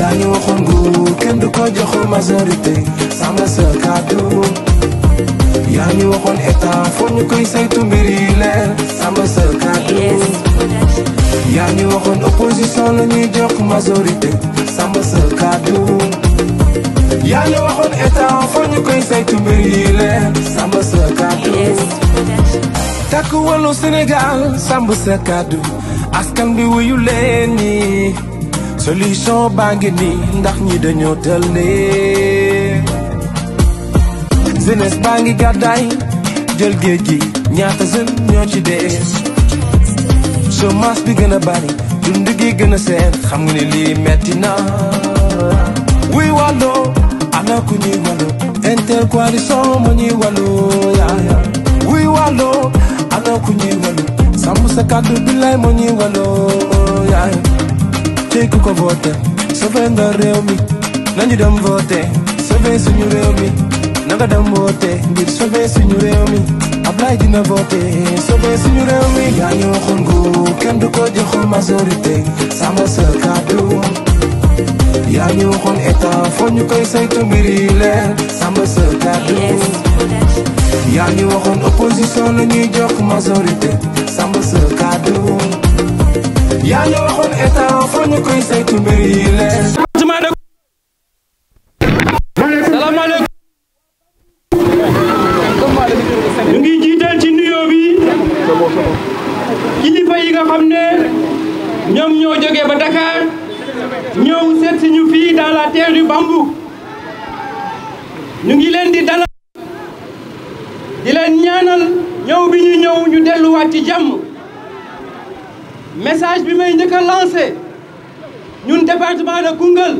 yaa ñu waxoon nguur kenn du ko joxu majorité sàmm sa kàddu yaa ñu waxoon état foo ñu koy saytu mbir yi leer sàmm sa kàddu yaa ñu koy saytu mbir yi leer sàmm takk wàllu Sénégal sàmm sa askan bi wuyu leen ñi solution baa ngi ni ndax ñi dañoo tël ne jeunesse baa ngi gàddaay jël géej gi ñaata jeune ñoo ci dee chômage bi gën a bari dund gi gën a xam nga ni lii metti na wuy wàllu ana ku ñuy wàllu intercoalition ma ñuy wàllu yaaya wuy wàllu ana ku ñuy wàllu sàmm sa kàddu bi lay ma ñuy wàllu yaaya ko voté sauvé nga réew mi nañu dem voté sauvé suñu réew mi na nga dem voté ngir sauvé suñu réew mi Ablaye dina voté sauvé suñu réew mi yaa ñu waxoon nguur kenn du ko joxul majorité sàmm sa kàddu yaa ñu waxoon état foo ñu koy saytu mbir yi leer sàmm sa kàddu yaa ñu waxoon opposition la ñuy jox majorité sa kàddu yaa ñu waxoon état ñu koy saytu ngi jiital ci nuyoo bi kilifa yi nga xam ne ñoom ñoo jógee ba Dakar ñëw seet si ñu fii dans la terre du bambou. ñu ngi leen di dalal di leen ñaanal ñëw bi ñu ñëw ñu delluwaat ci jàmm message bi may njëkk lancé département de Koungheul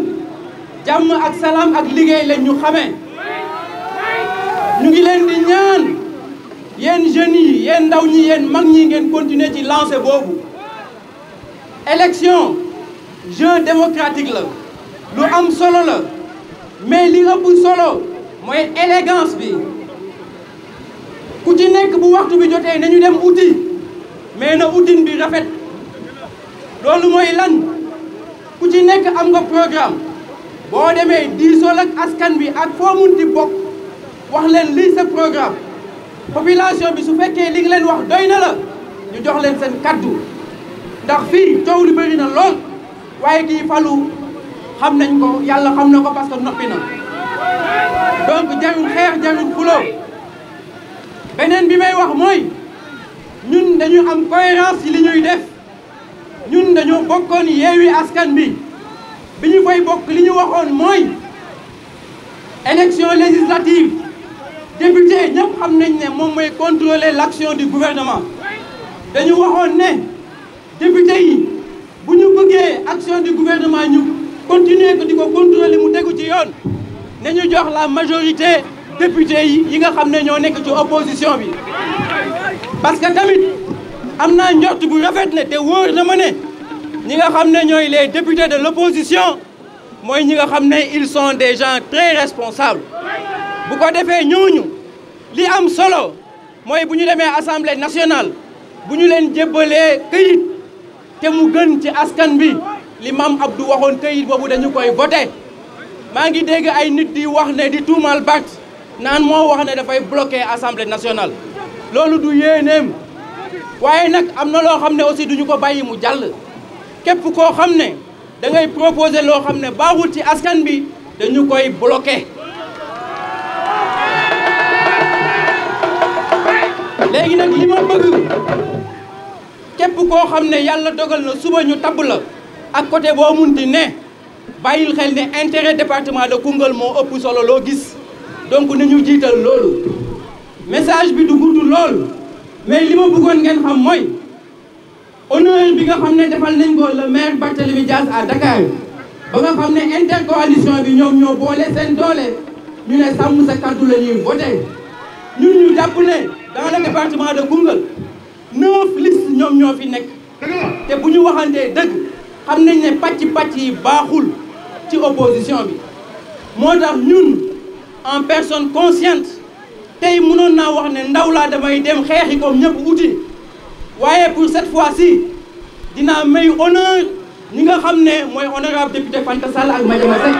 jàmm ak salaam ak liggéey lañ ñu xamee ñu ngi leen di ñaan yéen jeunes yi yéen ndaw ñi yéen mag ñi ngeen continuer ci lancer boobu élection jeu démocratique la lu am solo la mais li ëpp solo mooy élégance bi ku ci nekk bu waxtu bi jotee nañu dem uti mais na utin bi rafet loolu mooy lan ku ci nekk am nga programme boo demee diisool ak askan bi ak foo mun di wax leen lii sa programme population bi su fekkee li leen wax doy na la ñu jox leen seen kaddu ndax fii coow li bëri na lool waaye kii falu xam nañ ko yàlla xam na ko parce que noppi na donc jarul xeex jarul xuloo beneen bi may wax mooy ñun dañu am cohérence ci li ñuy def ñun dañu bokkoon yeewi askan bi bi ñu fay bokk li ñu waxoon mooy élection législative député ñëpp xam nañ ne moom mooy contrôler l'action du gouvernement dañu waxoon ne député yi bu ñu bëggee action du gouvernement ñu continuer ko di ko contrôler mu tegu ci yoon nañu jox la majorité député yi yi nga xam ne ñoo nekk ci opposition bi parce que tamit am naa njort bu rafet ne te wóor na ma ne ñi nga xam ne ñooy les députés de l'opposition mooy ñi nga xam ne ils sont des gens très bu ko defee ñooñu li am solo mooy bu ñu demee assemblée nationale bu ñu leen jébbalee këyit te mu gën ci askan bi li maam Abdou waxoon këyit boobu dañu koy voté maa ngi dégg ay nit di wax ne di tuumal Barth naan moo wax ne dafay bloquer assemblée nationale loolu du yéeneem waaye nag am na loo xam ne aussi duñu ko bàyyi mu jàll képp koo xam ne da ngay proposer loo xam ne baaxul ci askan bi dañu koy bloquer léegi nag li ma bëgg képp koo xam ne yàlla dogal na suba ñu tabb la ak côté boo mun di ne bàyyil ne intérêt département de Koungheul moo ëpp solo loo gis donc ñu jiital loolu message bi du gudd lool mais li ma bëggoon ngeen xam mooy honneur bi nga xam ne defal nañ ko le maire Barthélémy Dias à Dakar ba nga xam ne intercoalition bi ñoom ñoo boole seen doole ñu ne sàmm sa kàddu la ñuy voté ñun ñu jàpp ne dans le département ñoo fi nekk te bu ñu waxantee dëgg xam nañ ne pacc pàcc yi baaxul ci opposition bi moo tax ñun en personne consciente tey mënoon naa wax ne ndaw laa damay dem xeexi comme ñëpp wuti waaye pour set fois-ci dina may honneur ni nga xam ne mooy honorable député Fanta Sall ak Madiama Seck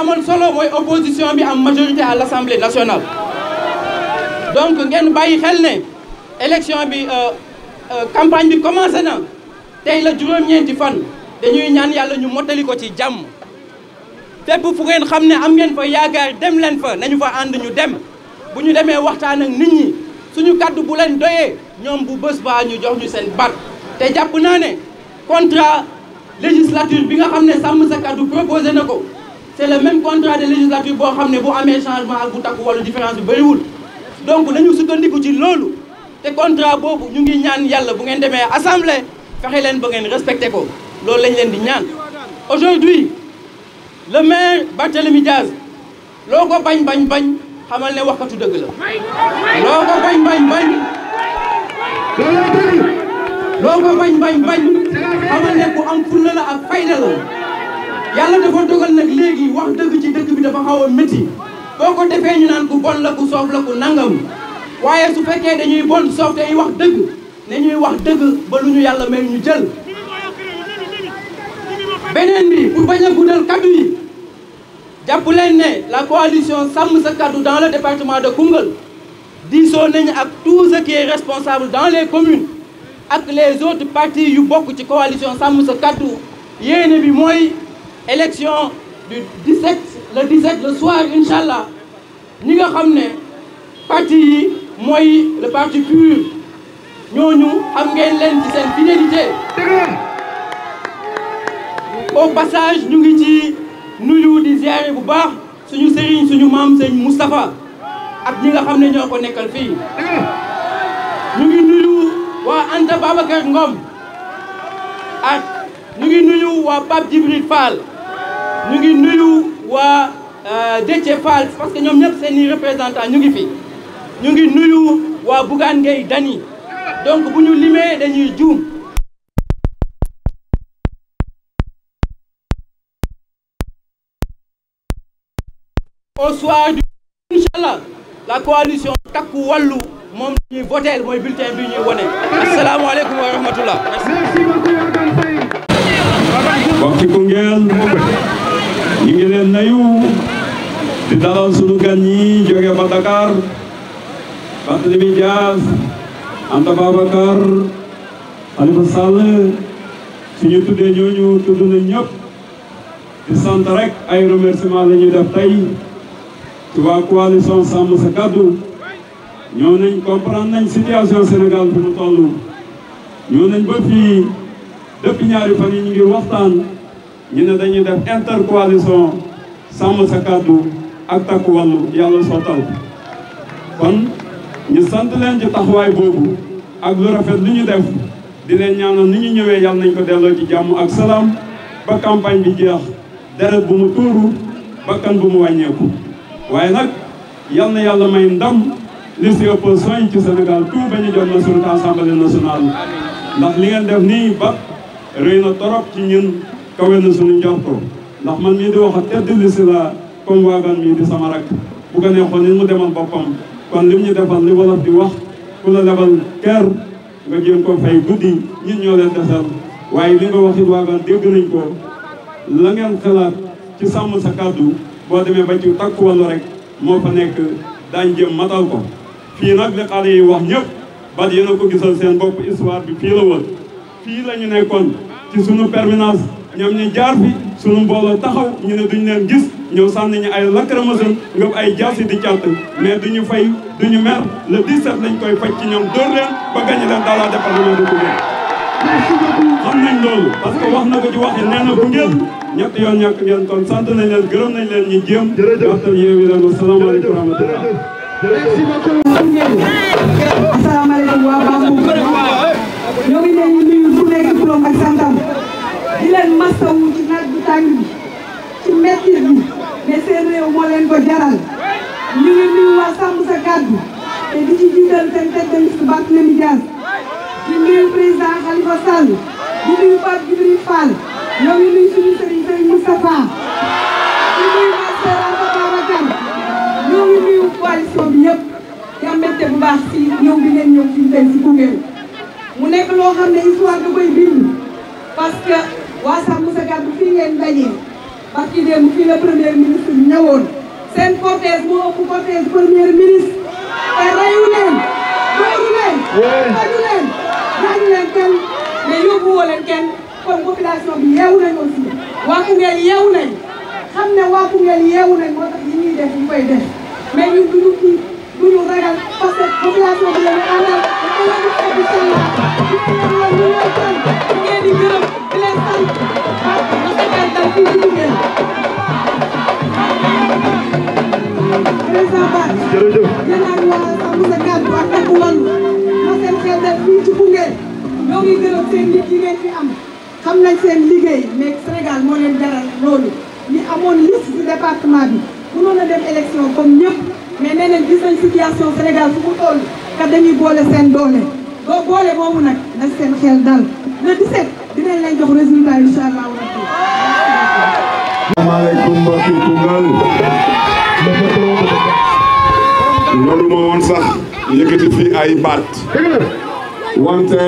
amoon solo mooy opposition bi am majorité à l'Assemblée nationale donc ngeen bàyyi xel ne élection bi euh, euh, campagne bi commencé na tey la juróom-ñeenti fan dañuy ñaan yàlla ñu mottali ko ci jàmm fépp fu ngeen xam ne am ngeen fa yaakaar dem leen fa nañu fa ànd ñu dem bu ñu demee waxtaan ak nit ñu suñu kàddu bu leen doyee ñoom bu bés ba ñu jox ñu seen baat te jàpp naa ne contrat législature bi nga xam ne sàmm sa kàddu proposé na ko c' est le même contrat de boo xam ne bu amee changement ak bu takku wala différence bi bëriwul donc nañu sukkandiku ci loolu te contrat boobu ñu ngi ñaan yàlla bu ngeen demee assemblée fexe leen ba ngeen respecté ko loolu lañ leen di ñaan aujourd'hui le maire Barthélémy Diaz loo ko bañ bañ bañ xamal ne waxkatu dëgg la loo ko bañ bañ bañ loo bañ bañ bañ xamal ne ku am fulla la ak fayda la yalla dafa dogal nag léegi wax dëgg ci dëkk bi dafa boo ko defee ñu nan ku bon la ku soof la ku nangam waaye su fekkee dañuy bon de te wax dëgg ñuy wax dëgg ba lu ñu yàlla may ñu jël. beneen bi pour bañ a guddal kaddu yi jàpp leen ne la coalition sàmm sa kaddu dans le département de Koungheul diisoo nañu ak tout ce qui est responsable dans les communes ak les autres partis yu bokk ci coalition sàmm sa kaddu yéene bi mooy. élection du 17 le 17 le soir incha ñi nga xam ne parti yi mooy le parti pur ñooñu xam ngeen leen ci seen fidélité. au passage ñu ngi ci nuyu di ziare bu baax suñu sëriñ suñu maam sëñ Moustapha ak ñi nga xam ne ñoo ko nekkal fii. ñu ngi nuyu waa Anta Babacar Ngom ak ñu ngi nuyu waa Pape Djibril Fall. ñu ngi nuyu waa euh, Déthié Fall parce que ñoom ñëpp seen représentant ñu ngi fi ñu ngi nuyu waa Bougane Gueye Dany donc bu ñu limee dañuy juum au soir du inchallah la coalition takku wàllu moom ñuy voter mooy bulletin bi ñuy wone asalaamaaleykum wa rahmatullah ñu ngi leen nayu di dalal sunu gan ñi jóge ba Dakar Barthélémy Dias Anta Babacar Khalifa Sall suñu tuddee ñooñu tudd ñëpp di sant rek ay remerciement la ñuy def tey ci waa coalition sàmm sa kàddu ñoo nañ comprendre nañ situation Sénégal bi ba fii depuis ñaari fan yi ngi waxtaan ñu ne dañuy def intercoalition sàmm sa kàddu ak takku wàllu yàlla sottal kon ñu sant leen ci taxawaay boobu ak lu rafet lu ñu def di leen ñaanal ni ñu ñëwee yàlla nañ ko delloo ci jàmm ak salaam ba campagne bi jeex deret bu mu tuuru bakkan bu mu wàññeeku waaye nag yal na yàlla may ndam li si opposition yi ci Sénégal tout ba ñu jot na suñu assemblée nationale ndax li ngeen def nii ba rëy na torop ci ñun kawe na suñu njortoo ndax man mii di wax tedd li si la comme waagan mii di sama rak bu ni mu demal boppam kon lim ñu defal li wolof di wax ku la lebal kër nga jéem ko fay guddi ñit ñoo leen desal waaye li nga waxit waagan dégg nañ ko la ngeen ci sàmm sa kàddu boo demee ba ci takku wàllu rek moo fa nekk daañ jëm matal ko fii nag li xale wax ñëpp bat yéen a ko gisal seen bopp histoire bi fii la woon fii la ñu nekkoon ci sunu permanence ñoom ñu jaar fi sunu mbooloo taxaw ñu ne duñ leen gis ñëw sànni ñu ay lacrymogène ngëb ay jaasi di cant mais duñu fay duñu mer le 17 lañ koy faj ci ñoom dóor ba gañe leen dans la département de Koungheul xam nañ loolu parce que wax na ko ci waxi nee na bu ngeen ñett yoon ñàkk ngeen kon sant nañ leen gërëm nañ leen ñu jéem waxtaan yeewi leen wasalaamaaleykum wa rahmatullah asalaamaaleykum waa Bambou ñoo ngi leen di leen masawu ci naaj bu tàng ci metti bi mais seen ko jaral ñu ngi nuyu waa sàmm sa kàddu te di ci jiital seen tête de liste Barthélémy Dias di nuyu président Khalifa Sall di nuyu Pape Djibril Fall ñoo ngi nuyu suñu sëriñ sëriñ Moustapha di nuyu master Anta Babacar ñoo ngi nuyu coalition bi ñëpp yaa mbégte bu baax ne histoire da koy bind parce waa sàmm sa gàddu fii ngeen dajee ba ci démb fii la premier ministre ñëwoon seen cortège moo ëpp cortège premier ministre te reyu leen dooru ne yóbbu woo leen kenn kon population bi yeewu waa Koungheul yeewu xam ne waa Koungheul yeewu nañ moo tax yi ñu koy def mais ñun duñu kii duñu ragal parce que la ñu àndal ñuy gërëm seen nit yi ngeen fi am leen jaral loolu dañuy boole seen doole boo boole nag na seen xel dal loolu moo woon sax yëkkati fii ay baat. wante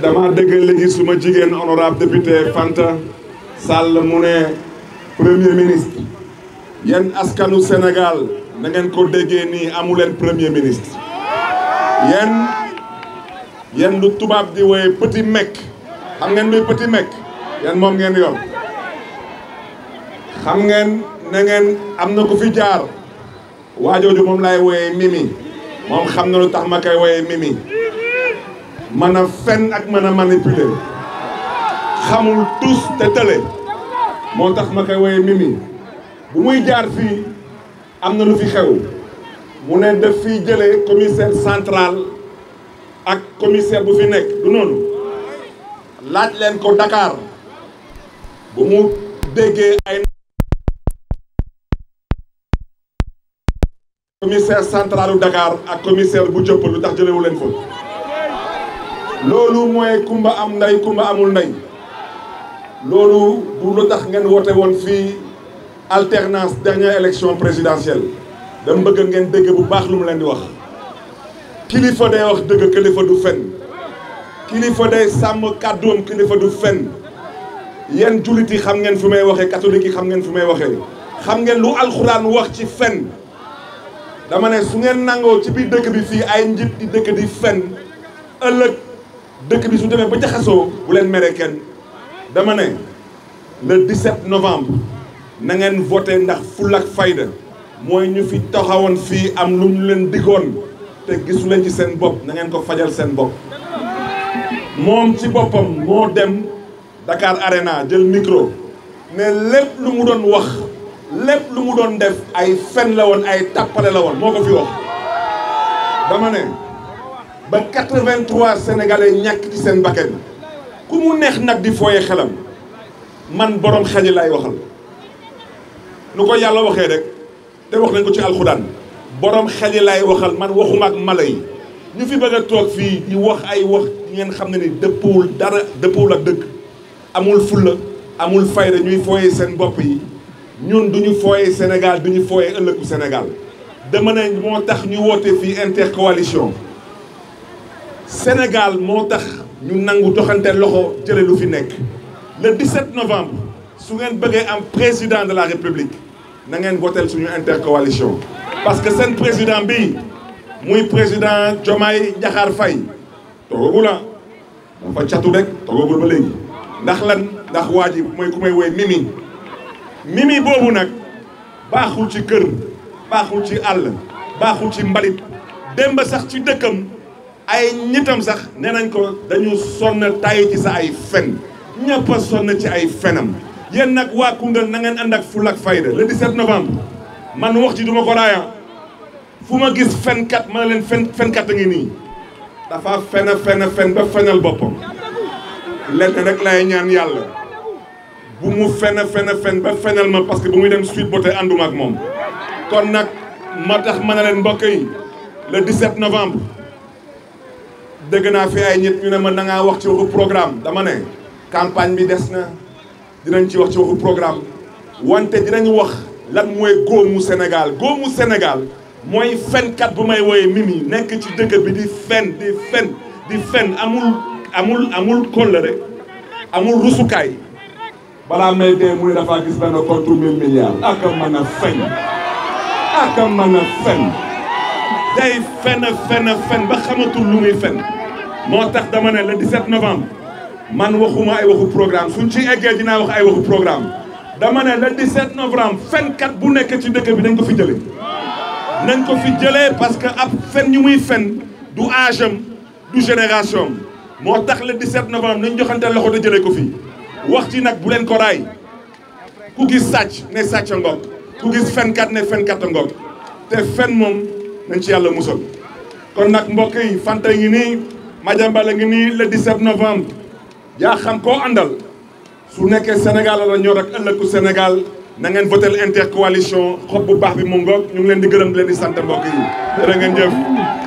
dama dégg léegi suma jigéen honorable député Fanta Sall mu ne premier ministre yéen askanu senegal na ngeen ko déggee nii amuleen premier ministre yéen yéen lu tubaab di woye petit mec xam ngeen luy petit mec yéen moom ngeen yor xam ngeen na ngeen am na ku fi jaar waajooju moom laay woyee mimi moom xam na lu tax ma koy woyee mimi mën a fen ak mën a manipuler xamul tus te tële moo tax ma koy woyee Mimi bu muy jaar fii am na lu fi xew mu ne def fii jëlee commissaire central ak commissaire bu fi nekk du noonu laaj leen ko dakaar bu mu déggee ay commissaire centralu Dakar ak commissaire bu jëpp lu tax jëlewu leen fa loolu mooy kumba am ndey kumba amul ndey loolu du lu tax ngeen woote woon fii alternance dernière élection présidentielle dama bëgg ngeen dégg bu baax lu mu leen di wax kilifa day wax dëgg kilifa du fen kilifa day sàmm kàddoom kilifa du fen yenn jullit xam ngeen fu may waxee katolik yi xam ngeen fu may waxee xam ngeen lu alxuraan wax ci fenn dama ne su ngeen nangoo ci biir dëkk bi fii ay njit di dëkk di fen ëllëg dëkk bi su demee ba jaxasoo bu leen mere kenn dama ne le 17 novembre na ngeen voté ndax fulla fayda mooy ñu fi taxawoon fii am lu ñu leen diggoon te gisu leen ci seen bopp na ngeen ko fajal seen bopp. moom ci boppam moo dem Dakar Arena jël micro ne lépp lu mu doon wax lépp lu mu doon def ay fen la woon ay tàppale la woon moo ko fi wax dama ne. ba 83 sénégalais ñàkk ci seen bakkan ku mu neex nag di fooye xelam man boroom xel yi laay waxal nu ko yàlla waxee rek te wax nañ ko ci alxuraan borom xel yi laay waxal man waxuma ak mala yi ñu fi bëgg a toog fii di wax ay wax ngeen xam ne ni dëppawul dara dëppawul ak dëkk amul fulla amul fayda ñuy fooye seen bopp yi ñun duñu ñu fooye Sénégal du ñu fooye ëllëgu Sénégal dama ne moo tax ñu woote fii intercoalition Sénégal moo tax ñu nangu doxante loxo jële lu fi nekk le 17 novembre su ngeen bëggee am président de la république na ngeen woteel suñu intercoalition parce que seen président bi muy président Diomaye Diakhar Faye toogagul ah dafa catu rek toogagul ba léegi ndax lan ndax waa ji mooy ku may woy mimi mimi boobu nag baaxul ci kër baaxul ci àll baaxul ci mbalit démb sax ci dëkkam ay ñitam sax nee nañ ko dañu sonn tay ci sa ay fen ñëpp a sonn ci ay fenam yéen nag waa Koungheul na ngeen ànd ak fulla ak fayda le 17 novembre man wax ci duma ko raaya fu ma gis fenkat ma leen fen fenkat a ngi nii dafa fen a fen ba fenal boppam lenn rek lay ñaan yàlla bu mu fen a fen a ba fenal ma parce que bu muy dem suite ba tey ànduma ak moom kon nag ma tax ma ne leen mbokk yi le 17 novembre dëgg naa fi ay nit ñu ne ma na wax ci waxu programme dama ne campagne bi des na dinañ ci wax ci waxu programme wante dinañ wax lan mooy góomu Sénégal góomu Sénégal mooy fenkat bu may wooye Mimi nekk ci dëkk bi di fen di fen di fen amul amul amul kóllëre amul rusukaay balaa may dee muy dafa gis benn compte mille milliards ak a mën a fen ak a fen day fen fen fen ba xamatul lu muy fen moo tax dama ne le 17 novembre man waxuma ay waxu programme suñ ci eggee dinaa wax ay waxu programme dama ne le 17 novembre fenkat bu nekk ci dëkk bi nañ ko fi jëlee nañ ko fi jëlee parce que ab fen ñu muy fen du âge am du génération moo tax le 17 novembre nañ joxante loxo da jëlee ko fi wax ci nag bu leen ko raay ku gis sàcc ne sàcc a ngoog ku gis fenkat ne fenkat a ngoog te fen moom nañ ci yàlla musal kon nag mbokk yi Fanta ngi nii Madiambal ngi nii le di novembre yaa xam koo àndal su nekkee Sénégal la ñor ak ëllëg ku Sénégal na ngeen votel intercoalition xob bu baax bi mu ngoog ñu ngi leen di gërëm leen di sante mbokk yi jërë jëf